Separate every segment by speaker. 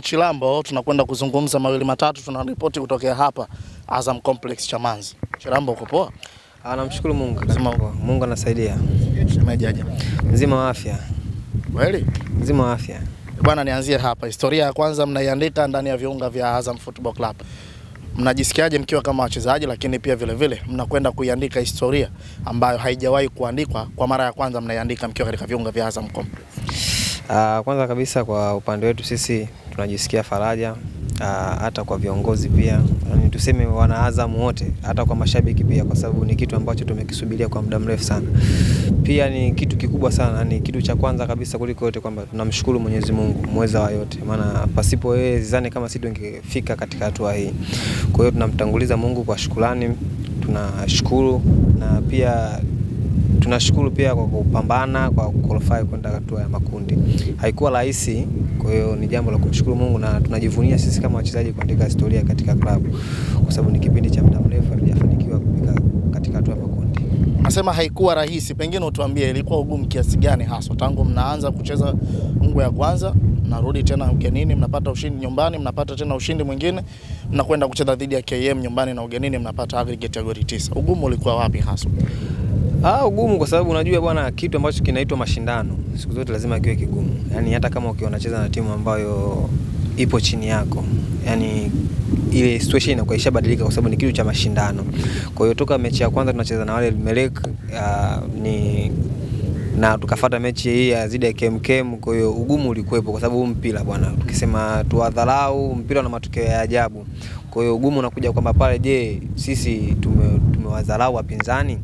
Speaker 1: kutoka Chilambo tunakwenda kuzungumza mawili matatu, tunaripoti kutokea hapa Azam Complex Chamanzi. Chilambo, uko poa?
Speaker 2: Ah, namshukuru Mungu. Mzima Mungu anasaidia. Shemejaje? Nzima afya. Kweli? Nzima afya.
Speaker 1: Bwana, nianzie hapa. Historia ya kwanza mnaiandika ndani ya viunga vya Azam Football Club. Mnajisikiaje mkiwa kama wachezaji, lakini pia vile vile mnakwenda kuiandika historia ambayo haijawahi kuandikwa? Kwa mara ya kwanza mnaiandika mkiwa katika viunga vya Azam Complex.
Speaker 2: Uh, kwanza kabisa kwa upande wetu sisi tunajisikia faraja ah, hata kwa viongozi pia, yani tuseme wanaAzamu wote, hata kwa mashabiki pia, kwa sababu ni kitu ambacho tumekisubiria kwa muda mrefu sana. Pia ni kitu kikubwa sana, ni kitu cha kwanza kabisa kuliko yote kwamba tunamshukuru Mwenyezi Mungu mweza wa yote, maana pasipo yeye zizani kama sisi tungefika katika hatua hii. Kwa hiyo tunamtanguliza Mungu kwa shukrani, tunashukuru na pia tunashukuru pia kwa kupambana kwa qualify kwenda hatua ya makundi. Haikuwa rahisi, kwa hiyo ni jambo la kumshukuru Mungu na tunajivunia sisi kama wachezaji kuandika historia katika klabu, kwa sababu ni kipindi cha muda mrefu hatujafanikiwa kufika katika hatua ya makundi.
Speaker 1: Nasema haikuwa rahisi, pengine utuambie ilikuwa ugumu kiasi gani hasa tangu mnaanza kucheza ngwe ya kwanza narudi tena ugenini, mnapata ushindi nyumbani, mnapata tena ushindi mwingine, mnakwenda kucheza dhidi ya KM nyumbani na ugenini mnapata aggregate ya goli tisa. Ugumu ulikuwa wapi hasa?
Speaker 2: Ah, ugumu kwa sababu unajua bwana, kitu ambacho kinaitwa mashindano siku zote lazima kiwe kigumu. Yaani hata kama ukiwa unacheza na timu ambayo ipo chini yako, yaani ile situation inakuwa ishabadilika kwa sababu ni kitu cha mashindano. Kwa hiyo toka mechi ya kwanza tunacheza na wale Melek uh, ni na tukafata mechi hii ya zidi ya KMKM. Kwa hiyo ugumu ulikuwepo kwa sababu mpira bwana, tukisema tuwadharau, mpira na matokeo ya ajabu. Kwa hiyo ugumu unakuja kwamba pale, je, sisi tumewadharau tume wapinzani?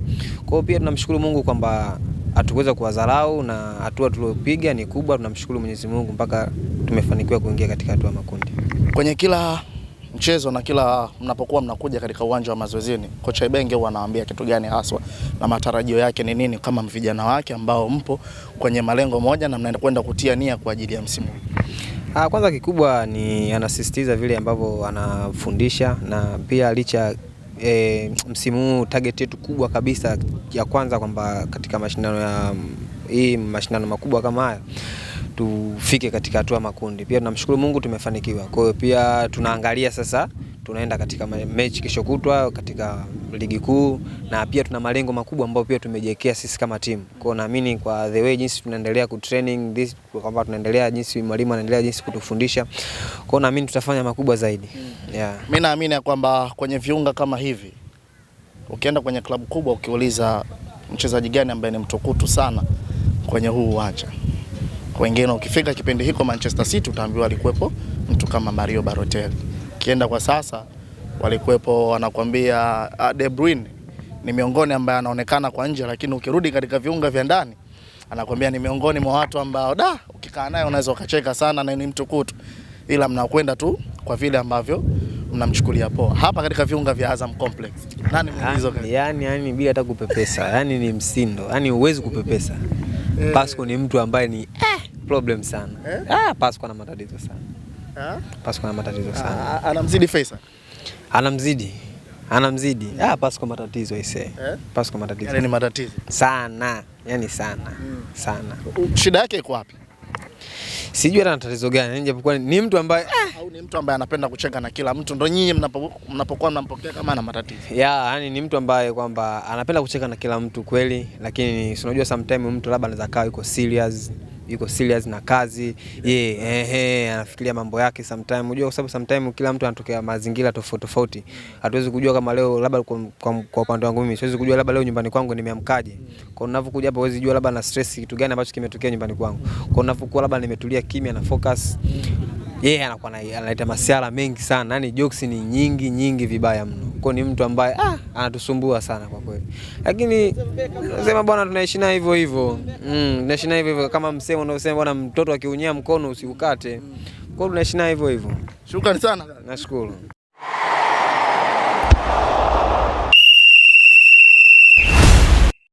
Speaker 2: Kwa pia tunamshukuru Mungu kwamba atuweza kuwadharau na hatua tuliopiga ni kubwa. Tunamshukuru Mwenyezi Mungu mpaka tumefanikiwa kuingia katika hatua makundi.
Speaker 1: Kwenye kila mchezo na kila mnapokuwa mnakuja katika uwanja wa mazoezini, kocha Ibenge huwa anawaambia kitu gani haswa na matarajio yake ni nini kama vijana wake ambao mpo kwenye malengo moja na mnaenda kwenda kutia nia kwa ajili ya msimu huu?
Speaker 2: Ah, kwanza kikubwa ni anasisitiza vile ambavyo anafundisha na pia licha e, msimu huu target yetu kubwa kabisa ya kwanza kwamba katika mashindano ya hii mashindano makubwa kama haya tufike katika hatua makundi. Pia tunamshukuru Mungu tumefanikiwa. Kwa hiyo pia tunaangalia sasa tunaenda katika mechi kesho kutwa katika ligi kuu, na pia tuna malengo makubwa ambayo pia tumejiwekea sisi kama timu. Kwa naamini kwa the way jinsi tunaendelea ku training this, kwamba tunaendelea jinsi mwalimu anaendelea jinsi kutufundisha, kwa naamini tutafanya makubwa zaidi mm.
Speaker 1: yeah. Mimi naamini ya kwamba kwenye viunga kama hivi, ukienda kwenye klabu kubwa, ukiuliza mchezaji gani ambaye ni mtukutu sana kwenye huu uwanja wengine ukifika kipindi hiko Manchester City utaambiwa alikuwepo mtu kama Mario Balotelli ukienda kwa sasa, walikuwepo wanakuambia ah, De Bruyne ni miongoni ambaye anaonekana kwa nje, lakini ukirudi katika viunga vya ndani anakuambia ni miongoni mwa watu ambao da ukikaa naye unaweza ukacheka sana na ni mtukutu, ila mnakwenda tu kwa vile ambavyo mnamchukulia poa. Hapa katika viunga vya Azam Complex nani mwingizo gani?
Speaker 2: Ah, yani, yani bila hata kupepesa, yani ni msindo, yani huwezi kupepesa. Eh. Pasco ni mtu ambaye ni eh, problem sana, eh? ah, Pasco ana matatizo sana. Pasco ana matatizo ah, sana.
Speaker 1: Anamzidi Faisal.
Speaker 2: Anamzidi. Anamzidi. Eh? Ah, Pasco matatizo ise. Eh? Pasco matatizo. Yaani ni matatizo. Sana. Yaani sana. Hmm. Sana.
Speaker 1: Shida yake iko wapi?
Speaker 2: Sijui ana tatizo gani. Japokuwa ni mtu ambaye eh!
Speaker 1: au ni mtu ambaye anapenda kucheka na kila mtu, ndio nyinyi mnapokuwa mnampokea kama ana matatizo.
Speaker 2: Yeah, yani ni mtu ambaye kwamba anapenda kucheka na kila mtu kweli, lakini si unajua sometimes mtu labda anaweza kaa yuko serious yuko serious na kazi ye, ehe, anafikiria mambo yake sometime. Unajua, kwa sababu sometime kila mtu anatokea mazingira tofauti tofauti, hatuwezi kujua kama leo labda kwa, kwa, kwa upande wangu mimi siwezi kujua labda leo nyumbani kwangu nimeamkaje. Kwa ninavyokuja hapa huwezi jua labda na stress kitu gani ambacho kimetokea nyumbani kwangu. Kwa ninavyokuwa labda nimetulia kimya na focus yeye yeah, anakuwa analeta masiara mengi sana, yani jokes ni nyingi nyingi vibaya mno. Kwa ni mtu ambaye ah, anatusumbua sana kwa kweli, lakini sema bwana, tunaishi na hivyo hivyo mm, tunaishi na hivyo hivyo kama msemo unaosema bwana, mtoto akiunyia mkono usiukate. Kwa hiyo tunaishi na hivyo hivyo.
Speaker 1: Shukrani sana,
Speaker 2: nashukuru.